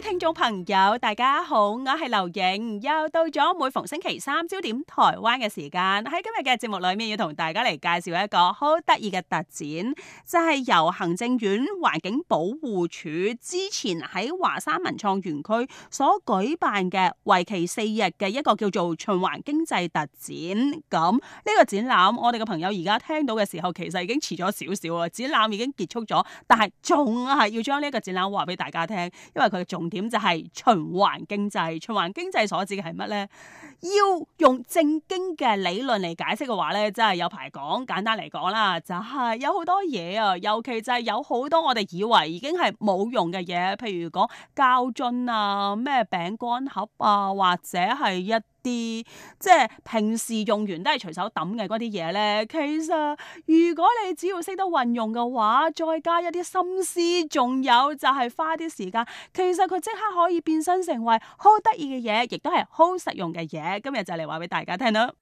聽眾朋友，大家好，我係劉穎，又到咗每逢星期三焦點台灣嘅時間。喺今日嘅節目裏面，要同大家嚟介紹一個好得意嘅特展，就係由行政院環境保護署之前喺華山文創園區所舉辦嘅為期四日嘅一個叫做循環經濟特展。咁呢個展覽，我哋嘅朋友而家聽到嘅時候，其實已經遲咗少少啊！展覽已經結束咗，但係仲係要將呢個展覽話俾大家聽，因為佢仲。點就係循環經濟，循環經濟所指嘅係乜呢？要用正經嘅理論嚟解釋嘅話呢，真係有排講。簡單嚟講啦，就係有好多嘢啊，尤其就係有好多我哋以為已經係冇用嘅嘢，譬如講膠樽啊、咩餅乾盒啊，或者係一。啲即係平時用完都係隨手抌嘅嗰啲嘢呢。其實如果你只要識得運用嘅話，再加一啲心思，仲有就係花啲時間，其實佢即刻可以變身成為好得意嘅嘢，亦都係好實用嘅嘢。今日就嚟話俾大家聽啦。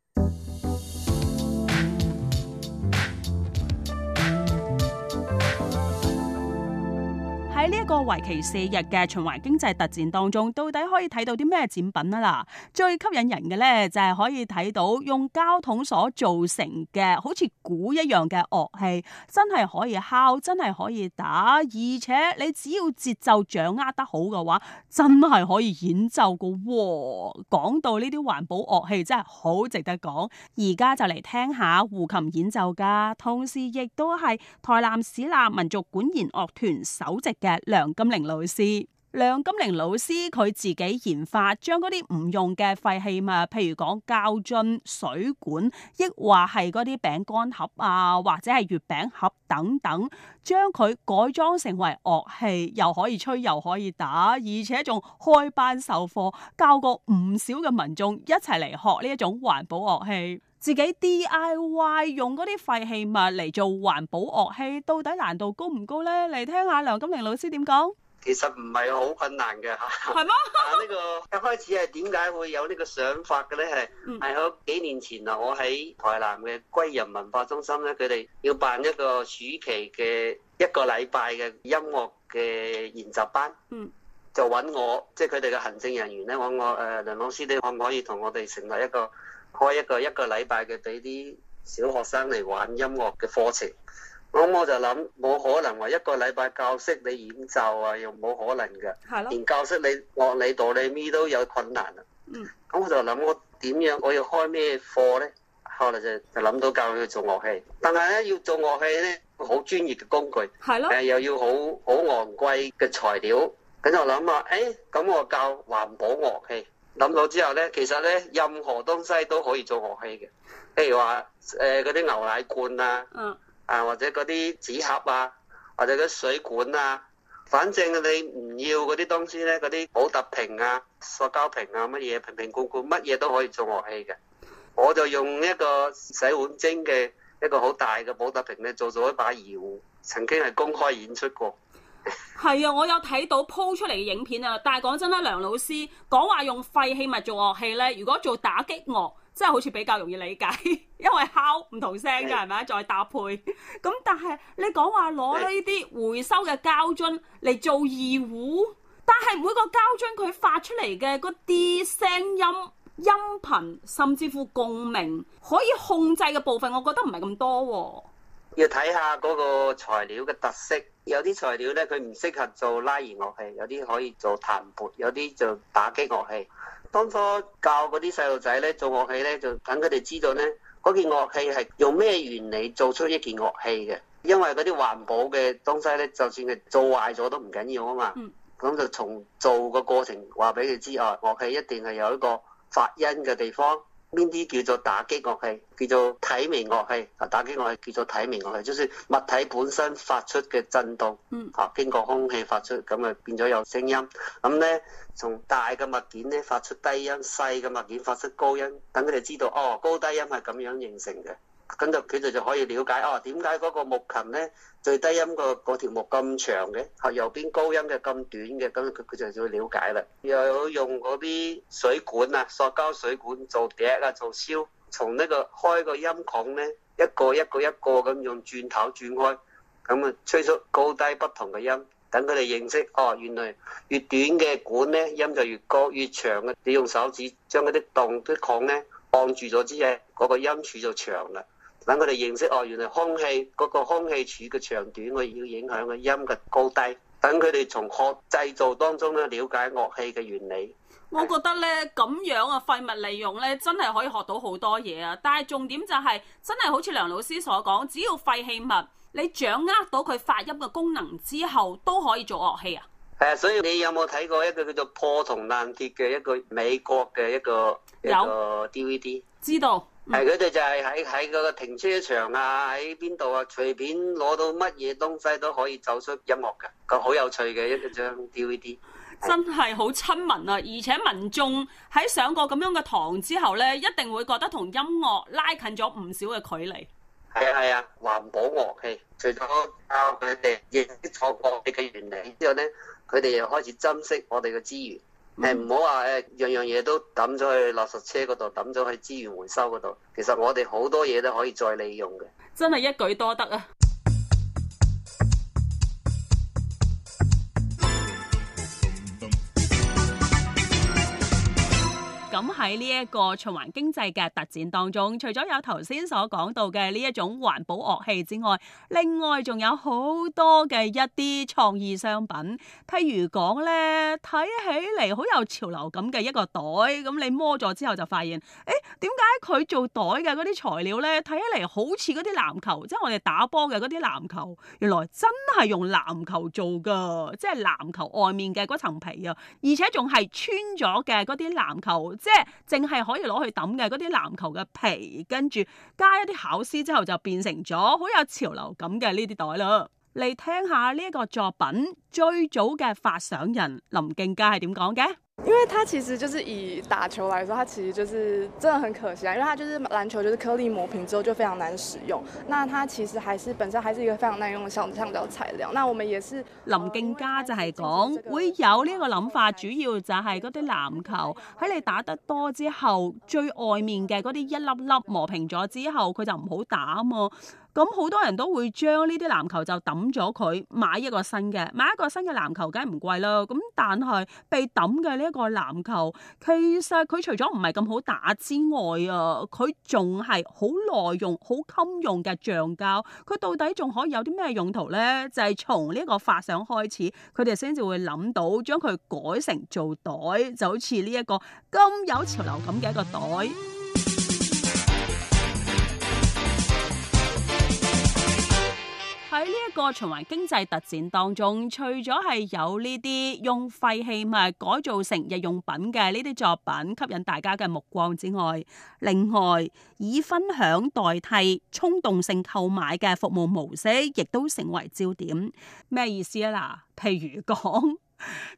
喺呢一個為期四日嘅循環經濟特展當中，到底可以睇到啲咩展品啊？嗱，最吸引人嘅呢，就係可以睇到用膠桶所造成嘅好似鼓一樣嘅樂器，真係可以敲，真係可以打，而且你只要節奏掌握得好嘅話，真係可以演奏噶。講到呢啲環保樂器，真係好值得講。而家就嚟聽下胡琴演奏家，同時亦都係台南市立民族管弦樂團首席。梁金玲老師，梁金玲老師佢自己研發將嗰啲唔用嘅廢棄物，譬如講膠樽、水管，亦或係嗰啲餅乾盒啊，或者係月餅盒等等，將佢改裝成為樂器，又可以吹又可以打，而且仲開班授課，教過唔少嘅民眾一齊嚟學呢一種環保樂器。自己 D I Y 用嗰啲廢棄物嚟做環保樂器，到底難度高唔高呢？嚟聽下梁金玲老師點講。其實唔係好困難嘅嚇。係 咩是嗎？呢、 呢個一開始係點解會有呢個想法嘅呢？係係好幾年前啊，我喺台南嘅歸仁文化中心咧，佢哋要辦一個暑期嘅一個禮拜嘅音樂嘅研習班。嗯，就揾我，即係佢哋嘅行政人員咧，揾我誒、呃、梁老師，你可唔可以同我哋成立一個？開一個一個禮拜嘅俾啲小學生嚟玩音樂嘅課程，咁我就諗，冇可能話一個禮拜教識你演奏啊，又冇可能噶。係咯的。連教識你樂你哆你咪都有困難啦。嗯。咁我就諗我點樣我要開咩課咧？後來就就諗到教佢做樂器，但係咧要做樂器咧，好專業嘅工具。係咯的。誒、呃，又要好好昂貴嘅材料，咁就諗啊，誒、欸，咁我教環保樂器。諗到之後咧，其實咧任何東西都可以做樂器嘅，譬如話誒嗰啲牛奶罐啊，啊或者嗰啲紙盒啊，或者嗰啲水管啊，反正你唔要嗰啲東西咧，嗰啲保特瓶啊、塑膠瓶啊乜嘢、瓶瓶罐罐乜嘢都可以做樂器嘅。我就用一個洗碗精嘅一個好大嘅保特瓶咧，做咗一把二胡，曾經係公開演出過。係啊，我有睇到鋪出嚟嘅影片啊，但係講真啦，梁老師講話用廢棄物做樂器呢，如果做打擊樂，真係好似比較容易理解，因為敲唔同聲嘅係咪？再搭配咁，但係你講話攞呢啲回收嘅膠樽嚟做二胡，但係每個膠樽佢發出嚟嘅嗰啲聲音、音頻，甚至乎共鳴可以控制嘅部分，我覺得唔係咁多。要睇下嗰個材料嘅特色。有啲材料咧，佢唔適合做拉弦樂器，有啲可以做彈撥，有啲就打擊樂器。當初教嗰啲細路仔咧做樂器咧，就等佢哋知道咧，嗰件樂器係用咩原理做出一件樂器嘅。因為嗰啲環保嘅東西咧，就算係做壞咗都唔緊要啊嘛。咁就從做個過程話俾佢知啊，樂器一定係有一個發音嘅地方。邊啲叫做打擊樂器？叫做體鳴樂器啊！打擊樂器叫做體鳴樂器，就算、是、物體本身發出嘅震動，嗯，嚇經過空氣發出，咁啊變咗有聲音。咁咧，從大嘅物件咧發出低音，細嘅物件發出高音，等佢哋知道哦，高低音係咁樣形成嘅。咁就佢哋就可以了解哦，點解嗰個木琴咧最低音，那個嗰條木咁長嘅，嚇，右邊高音嘅咁短嘅，咁佢佢就去了解啦。又有用嗰啲水管啊，塑膠水管做笛啊，做簫，從呢個開個音孔咧，一個一個一個咁用鑽頭鑽開，咁啊吹出高低不同嘅音，等佢哋認識哦、啊。原來越短嘅管咧音就越高，越長嘅你用手指將嗰啲洞啲孔咧按住咗之後，嗰個音柱就長啦。等佢哋認識哦，原來空氣嗰、那個空氣柱嘅長短，我要影響個音嘅高低。等佢哋從學製造當中咧，瞭解樂器嘅原理。我覺得咧，咁樣啊，廢物利用咧，真係可以學到好多嘢啊！但係重點就係、是，真係好似梁老師所講，只要廢棄物，你掌握到佢發音嘅功能之後，都可以做樂器啊！係啊，所以你有冇睇過一個叫做破銅爛鐵嘅一個美國嘅一個有 DVD？知道。係佢哋就係喺喺個停車場啊，喺邊度啊，隨便攞到乜嘢東西都可以走出音樂嘅，個好有趣嘅一張 DVD。真係好親民啊！而且民眾喺上過咁樣嘅堂之後咧，一定會覺得同音樂拉近咗唔少嘅距離。係啊係啊，環保樂器，除咗教佢哋認識創作嘅原理之後咧，佢哋又開始珍惜我哋嘅資源。唔好話誒，嗯、樣樣嘢都抌咗去垃圾車嗰度，抌咗去資源回收嗰度。其實我哋好多嘢都可以再利用嘅，真係一舉多得啊！喺呢一個循環經濟嘅特展當中，除咗有頭先所講到嘅呢一種環保樂器之外，另外仲有好多嘅一啲創意商品，譬如講呢，睇起嚟好有潮流感嘅一個袋，咁你摸咗之後就發現，誒點解佢做袋嘅嗰啲材料呢？睇起嚟好似嗰啲籃球，即係我哋打波嘅嗰啲籃球，原來真係用籃球做㗎，即係籃球外面嘅嗰層皮啊，而且仲係穿咗嘅嗰啲籃球，即係。淨係可以攞去抌嘅嗰啲籃球嘅皮，跟住加一啲巧思之後就變成咗好有潮流感嘅呢啲袋啦。嚟聽下呢一個作品最早嘅發想人林敬佳係點講嘅？因為它其實就是以打球來說，它其實就是真的很可惜啊！因為它就是籃球，就是顆粒磨平之後就非常難使用。那它其實還是本身還是一個非常耐用的橡橡膠材料。那我們也是林敬嘉就係講、這個、會有呢個諗法，主要就係嗰啲籃球喺你打得多之後，最外面嘅嗰啲一粒粒磨平咗之後，佢就唔好打啊嘛。咁好多人都會將呢啲籃球就抌咗佢，買一個新嘅，買一個新嘅籃球梗係唔貴啦。咁但係被抌嘅呢一個籃球，其實佢除咗唔係咁好打之外啊，佢仲係好耐用、好襟用嘅橡膠。佢到底仲可以有啲咩用途呢？就係從呢一個發想開始，佢哋先至會諗到將佢改成做袋，就好似呢一個咁有潮流感嘅一個袋。個循環經濟特展當中，除咗係有呢啲用廢棄物改造成日用品嘅呢啲作品吸引大家嘅目光之外，另外以分享代替衝動性購買嘅服務模式，亦都成為焦點。咩意思啊？嗱，譬如講。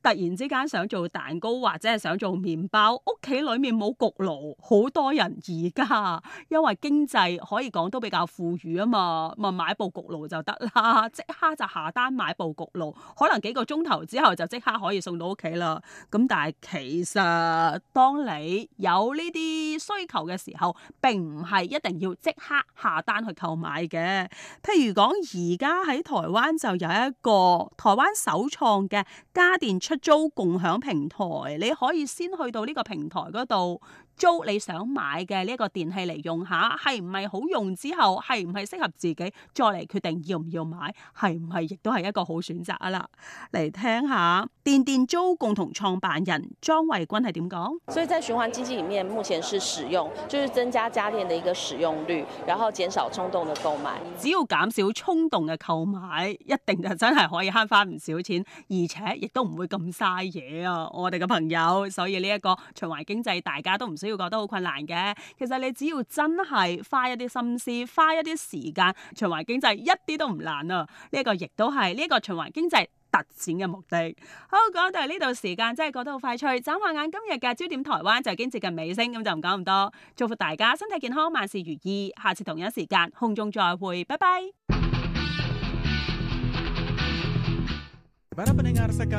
突然之間想做蛋糕或者係想做麵包，屋企裏面冇焗爐，好多人而家因為經濟可以講都比較富裕啊嘛，咪買部焗爐就得啦，即刻就下單買部焗爐，可能幾個鐘頭之後就即刻可以送到屋企啦。咁但係其實當你有呢啲需求嘅時候，並唔係一定要即刻下單去購買嘅。譬如講，而家喺台灣就有一個台灣首創嘅家電出租共享平台，你可以先去到呢個平台嗰度，租你想買嘅呢一個電器嚟用下，係唔係好用之後，係唔係適合自己，再嚟決定要唔要買，係唔係亦都係一個好選擇啊啦！嚟聽,聽下電電租共同創辦人張衛君係點講？所以在循環經濟裏面，目前是使用，就是增加家電的一個使用率，然後減少衝動的購買。只要減少衝動嘅購買，一定就真係可以慳翻唔少錢，而且亦都唔會咁嘥嘢啊！我哋嘅朋友，所以呢一個循環經濟，大家都唔需。都要覺得好困難嘅，其實你只要真係花一啲心思、花一啲時間，循環經濟一啲都唔難啊！呢、這、一個亦都係呢一個循環經濟特展嘅目的。好，講到呢度時間真係過得好快趣。眨下眼今日嘅焦點台灣就已經接近尾聲，咁就唔講咁多。祝福大家身體健康，萬事如意。下次同一時間空中再會，拜拜。